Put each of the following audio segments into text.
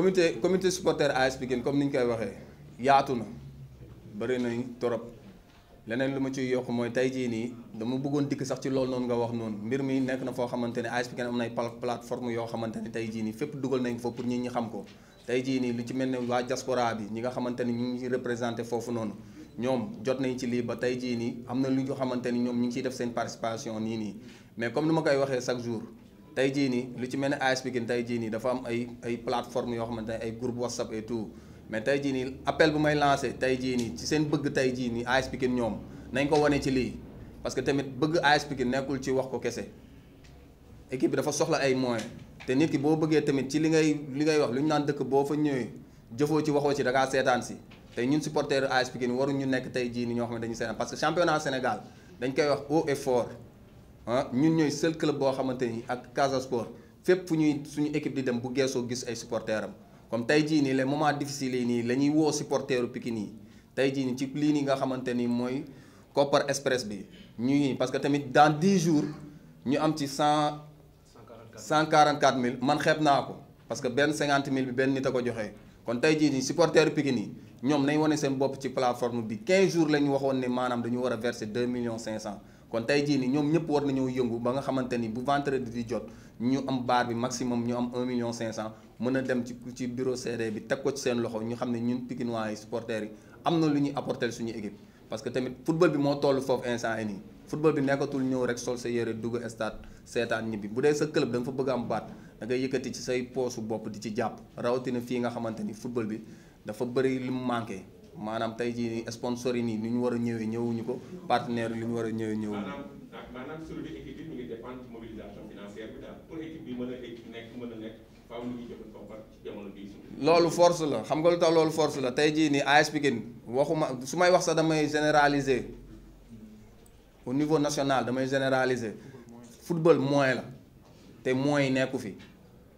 comité comité supporter AS Pikine comme ni ñu koy waxee yaatu na bëri nañ torop leneen lu ma ciy yokk mooy tey jii nii dama bëggoon dikk sax ci lool noonu nga wax noonu mbir mi nekk na foo xamante ne AS Pikine am nay plateforme yoo xamante ne tey jii nii fépp dugal nañ fa pour nit ñi xam ko tey jii nii lu ci mel ne waa diaspora bi ñi nga xamante ni ñu ngi représenté foofu noonu ñoom jot nañ ci lii ba tey jii nii am na lu ñu xamante ni ñoom ñu ngi ciy def seen participation nii nii mais comme ni ma koy waxee chaque jour tey jii nii lu ci mel ne AS Pikine tey jii nii dafa am ay ay plateforme yoo xamante ne ay groupe WhatsApp et tout mais tey jii nii appel bu may lancé tey jii nii ci seen bëgg tey jii nii AS Pikine ñoom nañ ko wane ci lii parce que tamit bëgg AS Pikine nekkul ci wax ko kese équipe bi dafa soxla ay moyens te nit ki boo bëggee tamit ci li ngay li ngay wax lu ñu naan dëkk boo fa ñëwee jëfoo ci waxoo ci da seetaan si te ñun supporter AS Pikine waruñu nekk tey jii ni ñoo xam ne dañu seetaan parce que championnat Sénégal dañ koy wax haut et ah ñun ñooy seul club boo xamante ni ak Casa Sport fépp fu ñuy suñu équipe di dem bu geesoo gis ay supporteurs am comme tey jii nii les moments difficiles yi nii la ñuy woo supporteru Pikine yi tey jii nii ci lii nii nga xamante ni mooy Copper Express bi ñu parce que tamit dans dix jours ñu am ci cent. cent quarante quatre mille man xeeb naa ko parce que benn cinquante mille bi benn nit a ko joxee kon tey jii nii supporteru Pikine yi ñoom nañ wane seen bopp ci plateforme bi quinze jours la ñu waxoon ne maanaam dañu war a verser deux cinq cent. kon tey jii nii ñoom ñëpp war nañoo yëngu ba nga xamante ni bu vendredi di jot ñu am baar bi maximum ñu am 1 million cent mën a dem ci ci bureau CD bi teg ko ci seen loxo ñu xam ne ñun Pikinois yi supporters yi am na lu ñuy apporter suñu équipe. parce que tamit football bi moo toll foofu instant yi nii football bi nekkatul ñëw rek sol sa yére dugg stade seetaan ñibbi bu dee sa club da fa bëgg am baat da ngay yëkkati ci say poosu bopp di ci jàpp rawatina fii nga xamante ni football bi dafa bëri lu mu manqué. maanaam tey jii sponsor yi nii ni ñu war a ñëwee ñëwuñu ko partenaire yi li ñu war a ñëwee ñëwuñu ko. bi loolu force la xam nga lu tax loolu force la tey jii nii AS Pikine waxuma su may wax sax damay généraliser au niveau national damay généraliser football moyen la te moyen yi nekku fi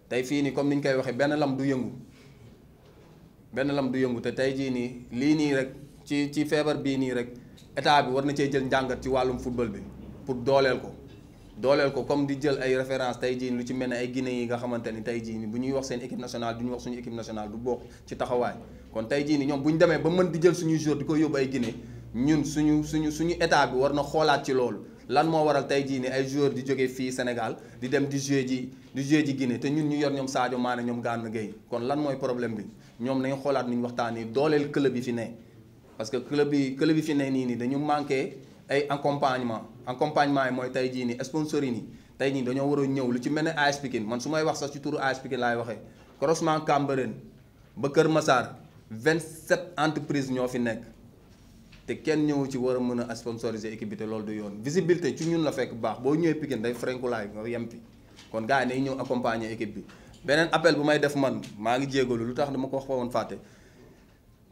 tey fii nii comme ni ñu koy waxee benn lam du yëngu. benn lam du yëngu te tey jii nii lii nii rek ci ci feebar bii nii rek état bi war na cee jël njàngat ci wàllum football bi pour dooleel ko dooleel ko comme di jël ay référence tey jii lu ci mel ne ay gine yi nga xamante ni tey jii ni bu ñuy wax seen équipe nationale du ñu wax suñu équipe nationale du bokk ci taxawaay kon tey jii ni ñoom bu ñu demee ba mën di jël suñuy joueur di koy yóbbu ay gine ñun suñu suñu suñu état bi war na xoolaat ci loolu lan moo waral tey jii ni ay joueur di jóge fii Sénégal di dem di jouer ji di jouer ji Guinée te ñun ñu yor ñoom Sadio Mané ñoom Gana Gueye kon lan mooy problème bi ñoom nañu xoolaat ni waxtaan waxtaanee dooleel club yi fi ne parce que club yi club yi fi ne nii nii dañu manqué ay accompagnement accompagnement yi mooy tey jii ni sponsor yi nii tey jii dañoo war a ñëw lu ci mel ne AS Pikine man su may wax sax ci turu AS Pikine laay waxee croisement Cambérène ba Kër Massar 27 entreprises ñoo fi nekk te kenn ñëwu ci war a mën a sponsoriser équipe bi te loolu du yoon visibilité ci ñun la fekk baax boo ñëwee Pikine day frenkulaay nga yem fi kon gars yi nañ ñëw accompagner équipe bi beneen appel bu may def man maa ngi jégalu lu tax dama ko wax woon fàtte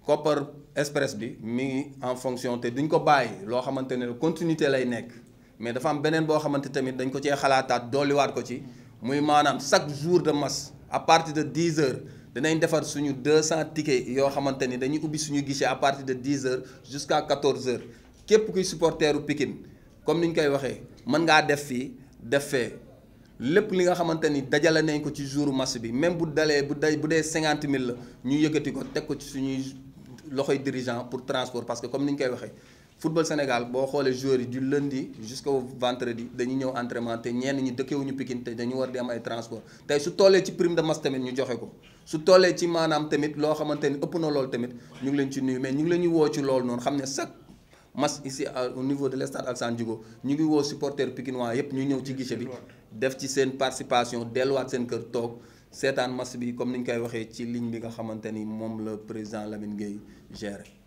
Kopar Express bi mi ngi en fonction te duñ ko bàyyi loo xamante ne continuité lay nekk mais dafa am beneen boo xamante tamit dañ ko cee xalaataat dolliwaat ko ci muy maanaam chaque jour de match à parti de 10 heures danañ defar suñu 200 tickets yoo xamante ni dañuy ubbi suñu guichet à partir de 10 heures jusqu'à 14 heures képp kuy supporteru pikin comme ni ñu koy waxee mën ngaa def fii def fee lépp li nga xamante ni dajale nañ ko ci jouru match bi même bu dalee bu day bu dee 50 000 la ñu yëkkati ko teg ko ci suñuy loxo dirigeant pour transport parce que comme ni ñu koy waxee. football Sénégal boo xoolee joueurs yi du lundi jusqu'au vendredi dañuy ñëw entraînement te ñenn ñi dëkkewuñu Pikine te dañu war di am ay transport tey su tollee ci prime de match tamit ñu joxe ko su tollee ci maanaam tamit loo xamante ni ëpp na lool tamit ñu ngi leen ci nuyu mais ñu ngi leen ñu woo ci lool noonu xam ne chaque match ici au niveau de l'stade Alassane Djigo ñu ngi woo supporters pikinois yëpp ñu ñëw ci gise bi def ci seen participation delluwaat seen kër toog seetaan match bi comme ni ñu koy waxee ci ligne bi nga xamante ni moom la président Lamine Gueye géré